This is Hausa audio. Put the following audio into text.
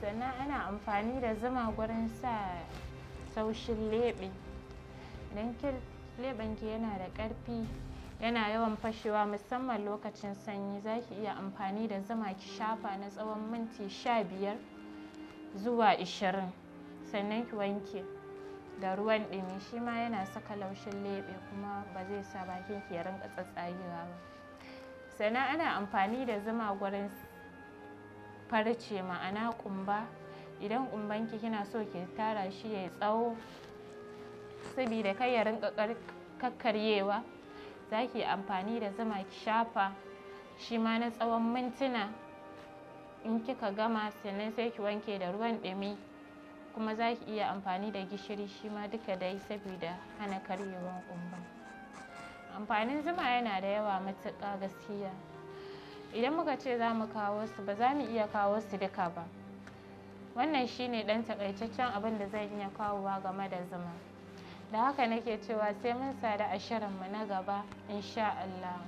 sannan ana amfani da zuma gurin sa saushin leɓe leɓen leɓenki yana da ƙarfi yana yawan fashewa musamman lokacin sanyi za ki iya amfani da zuma ki shafa na tsawon minti sha biyar zuwa ishirin sannan ki wanke da ruwan ɗumi shi ma yana saka laushin leɓe kuma ba zai sa bakin ki ya rinka tsatsagewa ba sannan ana amfani da zuma gurin farce ma'ana kumba idan kumbanki kina so ki tara shi ya tsawo saboda kai ya rinka kakkaryewa za ki amfani da zuma ki shafa shi ma na tsawon mintuna in kika gama sannan sai ki wanke da ruwan ɗumi kuma za ki iya amfani da gishiri shi ma duka dai saboda hana karyewar kumba amfanin zuma yana da yawa matuka gaskiya idan muka ce za mu kawo su ba za mu iya kawo su duka ba wannan shine ɗan takaitaccen abin da zan iya kawowa game da zuma da haka nake cewa sai mun sadu a shirinmu na gaba insha Allah